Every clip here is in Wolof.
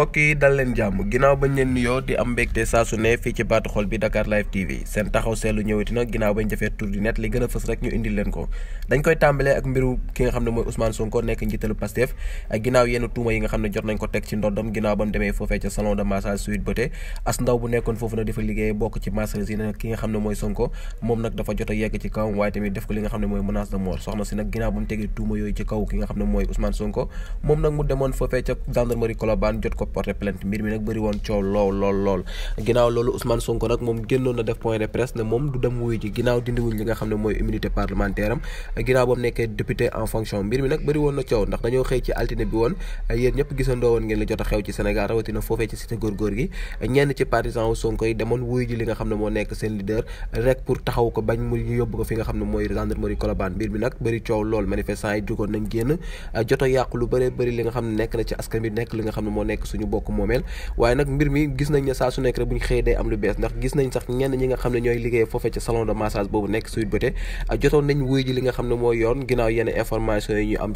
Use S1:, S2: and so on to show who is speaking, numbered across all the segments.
S1: mbokk yi dal leen jàmm ginnaaw bañ leen nuyoo di am mbégte saa ne fii ci baatu xol bi Dakar Live TV seen taxaw seetlu ñëwati ginnaaw bañ ñu indil tuuma yi ci ndoddam ki nga xam ne mooy Sonko moom ko moom nag mu demoon foofee ca gendarmerie Colobane jot ko porté plainte mbir mi nag bëri woon coow lool lool lool ginnaaw loolu am ginnaaw ba mu nekkee député en fonction mbir a xew ci Sénégal moo nekk seen jugoon nañ génn joto yàqu lu bëree bëri li nga xam ne nekk na ci askan bi nekk li nga xam ne moo nekk suñu bokk moomeel waaye nag mbir mi gis nañ ne saa su nekk rek bu ñu xëyee day am lu bees gis nañ sax ñenn ñi nga xam ne ñooy liggéey foofee ci salon de massage boobu nekk ah, ne mooy yoon ginnaaw yenn information yi ñu am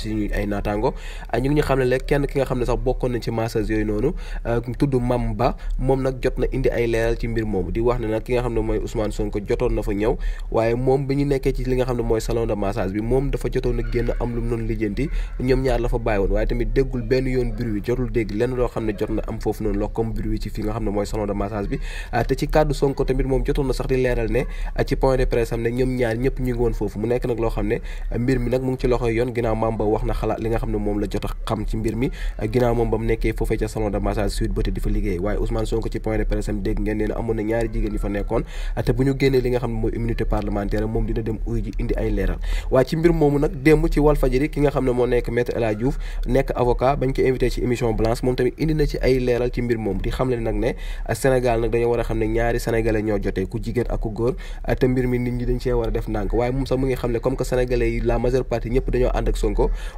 S1: ah, kenn ki nga xam ne sax bokkoon nañ ci massage yooyu noonu ah, tudd Mam jot na indi ay leeral ci mbir moomu di wax ne nag nga xam ne mooy Ousmane Sonko jotoon na fa ñëw waaye moom bi ñu nekkee ci li nga xam ne mooy salon de massage bi moom dafa jotoon a génn am lu mu noonu lijjanti ñoom ñaar la fa bàyyi woon waaye tamit déggul benn yoon bruit jotul dégg lenn loo xam xam ne jot na am foofu noonu la comme bruit ci fi nga xam ne mooy salon de massage bi ah, te ci kàddu Sonko tamit moom jotoon na sax di leeral ne ah, ci point de presse am ne ah, moom la jot am ne moom dina dem uy ji indi ay leeral waaye ci mbir moomu nag démb ci Walfadjri ki nga xam ne moo nekk maître El Hadji Diouf nekk avocat bañ ko invité ci émission blanche moom tamit indi indi na ci ay nag a xam ne ñaari sénégalais ñoo jotee ku jigéen ak ku ñi dañ cee war a def ndànk waaye moom sax mu ngi xam ne comme que sénégalais yi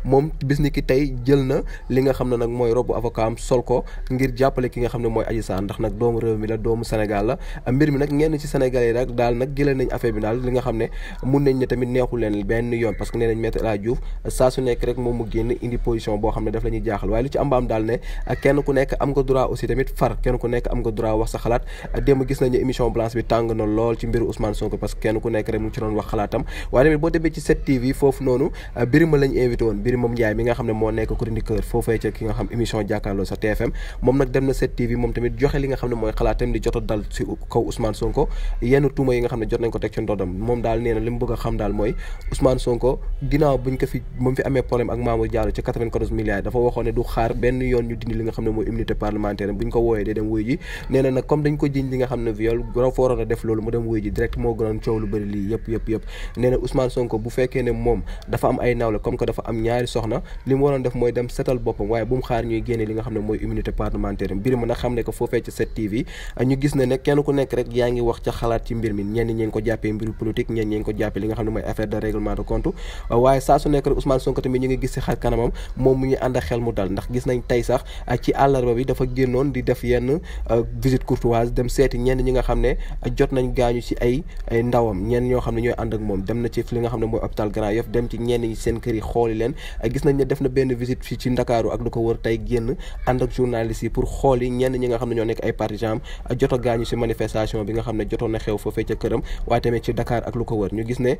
S1: moom bis ki tey jël na li nga xam ne nag mooy robu avocat am sol ko ngir jàppale ki nga xam ne mooy Adji Sarr ndax nag doomu réew mi la doomu Sénégal la mbir mi nag ñenn ci sénégalais yi nag daal nag jëlee nañ affaire bi naa li nga xam ne mun nañ tamit neexul leen benn yoon parce que nee nañ Maître El Hadji Diouf saa su nekk rek moom mu génn indi position boo xam ne daf la jaaxal waaye lu ci ambaam daal ne kenn ku nekk am nga droit aussi tamit far kenn ku nekk am nga droit wax sa xalaat démb gis nañu émission blanche bi tàng na lool ci mbiru Ousmane Sonko parce que kenn ku nekk rek mu ci doon wax xalaatam waaye tamit boo demee ci 7TV foofu noonu ah, Birima lañ invité woon Birima Ndiaye mi nga xam ne moo nekk chroniqueur foofee ca ki nga xam émission jàkkaarloo sa TFM moom nag dem na 7TV moom tamit joxe li nga xam ne mooy xalaatam di jot dal ci du mooy immunité parlementaire bu ko wooyee day dem wuy ji nee nag comme dañ ko jiñ li nga xam ne viol goro fa waroon def loolu mu dem wuy ji direct moo gënoon coow comme dafa am ñaari soxna li waroon def mooy dem setal boppam waaye bu xaar ñuy génne li nga xam ne mooy immunité parlementaire mbir nag xam ne ko foofee ci 7TV ñu gis ne ne kenn ku nekk rek yaa ngi wax ca xalaat ci mbir mi ñenn ñi ko jàppee mbiru politique ñenn ñi ko àllarba bi dafa génnoon di def yenn euh, visite courtoise dem seeti ñenn ñi nga xam ne jot nañ gaañu ci ay ndawam ñenn ñoo xam ne ñooy ànd ak moom dem na ci li xam ne mooy hôpital Grand Yoff dem ci seen kër yi xooli leen gis na benn visite fii ci Ndakaaru ak lu ko wër tey génn yi ñenn ñi nga xam ne ñoo nekk ay partisans jot a gaañu ci ne jotoon na xew foofee ca këram waaye tamit ci lu ko wër ñu gis ne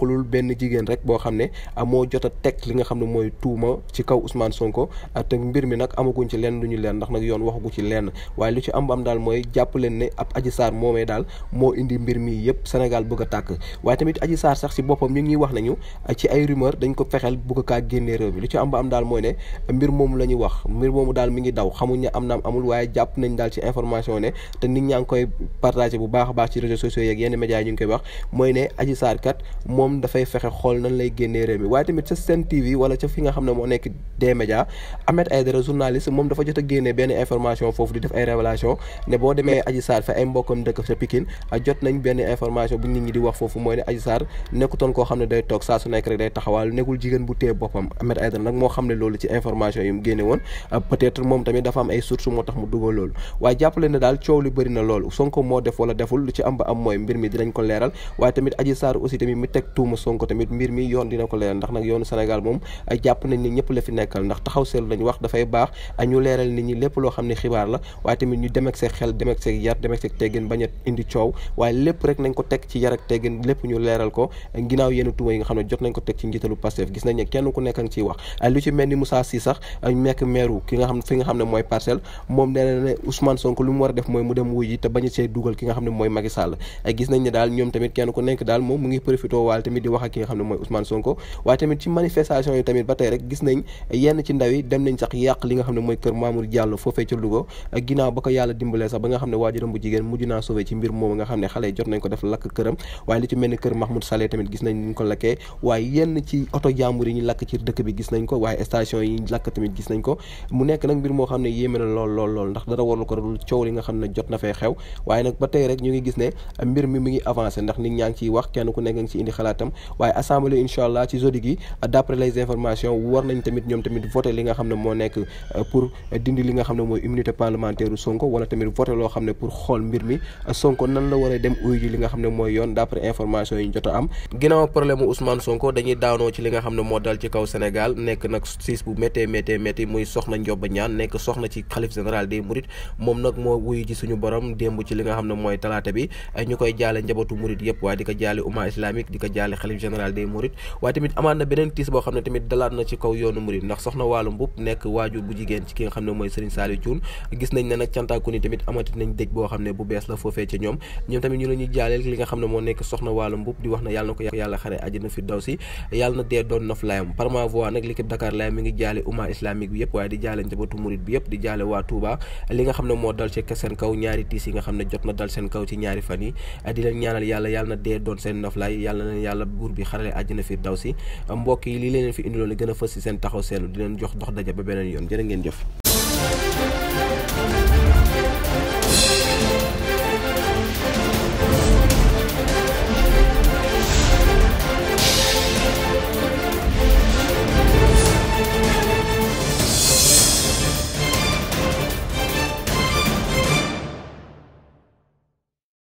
S1: ko lul benn jigéen rek boo xam ne moo jot a li nga xam ne mooy tuuma ci kaw Ousmane Sonko te mbir mi nag amaguñ ci lenn du ñu leen ndax nag yoon waxagu ci lenn waaye lu ci am am daal mooy jàpp leen ne ab Adji Sarr moomee daal moo indi mbir mii yëpp Sénégal bëgg a tàkk waaye tamit Adji Sarr sax si boppam ñu ngi wax nañu ci ay rumeur dañ ko fexeel bëgg kaa génnee réew mi lu ci am am daal mooy ne mbir moomu la ñuy wax mbir moomu daal mi ngi daw xamuñ am naam amul waaye jàpp nañ daal ci information ne te nit ñaa ngi koy partagé bu baax a baax ci réseaux sociaux yeeg yenn médias yi ñu ngi koy wax mooy ne Adji Sarr kat moom dafay fexe xool nan lay génnee réew mi waaye tamit sa Sen TV wala ca fi nga xam ne moo nekk des médias Ahmed Aïdara journaliste moom dafa jot a génne benn information foofu di def ay révélation ne boo demee Adji Sarr fa ay mbokkam dëkk sa information bu nit ñi di wax foofu mooy ne Adji Sarr nekkutoon koo xam ne day toog saa su nekk rek day taxawaal nekkul jigéen bu téye boppam Ahmed Aïdara nag moo ne woon peut-être moom tamit am moo tax mu dugal loolu waaye jàppale ne daal coow li bëri na loolu Sonko moo def wala deful lu ci am ba am mooy mbir mi dinañ ko leeral tamit Adji teg tuuma Sonko tamit mbir mi yoon dina ko leeral ndax nag yoonu Sénégal moom jàpp nañ ni ñëpp la fi nekkal ndax taxaw seetlu lañ wax dafay baax ñu nit ñi lépp loo xam ne xibaar la waaye tamit ñu dem ak xel dem ak yar dem ak teggin bañ a indi coow waaye lépp rek nañ ko teg ci yar ak teggin lépp ñu leeral ko ginnaaw yenn tuuma yi nga xam ne mooy parcelle moom gis nañ ne daal ñoom tamit kenn ku nekk daal moom mu ngi profité waale tamit di wax ki nga xam ne mooy Ousmane Sonko waaye tamit ci manifestation yi tamit ba tey rek gis nañ yenn ci ndaw dem nañ sax yàq li nga xam ne mooy kër Mamour Diallo foofee ca Louga ak mu nekk nag mbir moo xam ne yéeme na lool lool ndax dara warul ko dul coow li nga xam ne jot na fee xew waaye nag ba tey rek ñu ngi gis ne mbir mi mi ngi avancé ndax nit ñaa ngi wax kenn ku nekk ci indi xalaatam waaye assemblée incha allah ci jeudi gi d'après les informations war nañ tamit ñoom tamit voté li nga xam ne moo nekk euh, pour dindi li nga xam ne mooy immunité parlementaire Sonko wala tamit voté xam ne pour xool mbir mi Sonko nan la war a dem uyu li nga xam ne mooy yoon daanoo ci li nga xam ne mooy talaata bi ñu koy jaale njabootu Mouride yëpp waaye di jaale umma islamique di jaale xalif général des Mourides waaye tamit amaat na beneen tiis boo xam ne tamit dalaat na ci kaw yoonu Mouride ndax soxna Wàllu Mbub nekk waajur bu jigéen ci ki nga xam ne mooy Serigne Saliou Thioune gis nañ ne nag cantaakun yi tamit amati nañ dëj boo xam ne bu bees la foofee ca ñoom ñoom tamit ñu la jaaleel li nga xam ne moo nekk soxna wàllu mbub di wax na yàlla na ko yàlla xare àjjana fi daw si yàlla ne jot na dal seen kaw ci ñaari fan yi di leen ñaanal yàlla yàlla na dee doon seen noflaay yàlla na yàlla buur bi xarale àjjana fi daw si mbokk yi lii leen fi indiloon li gën a fës si seen taxaw seetlu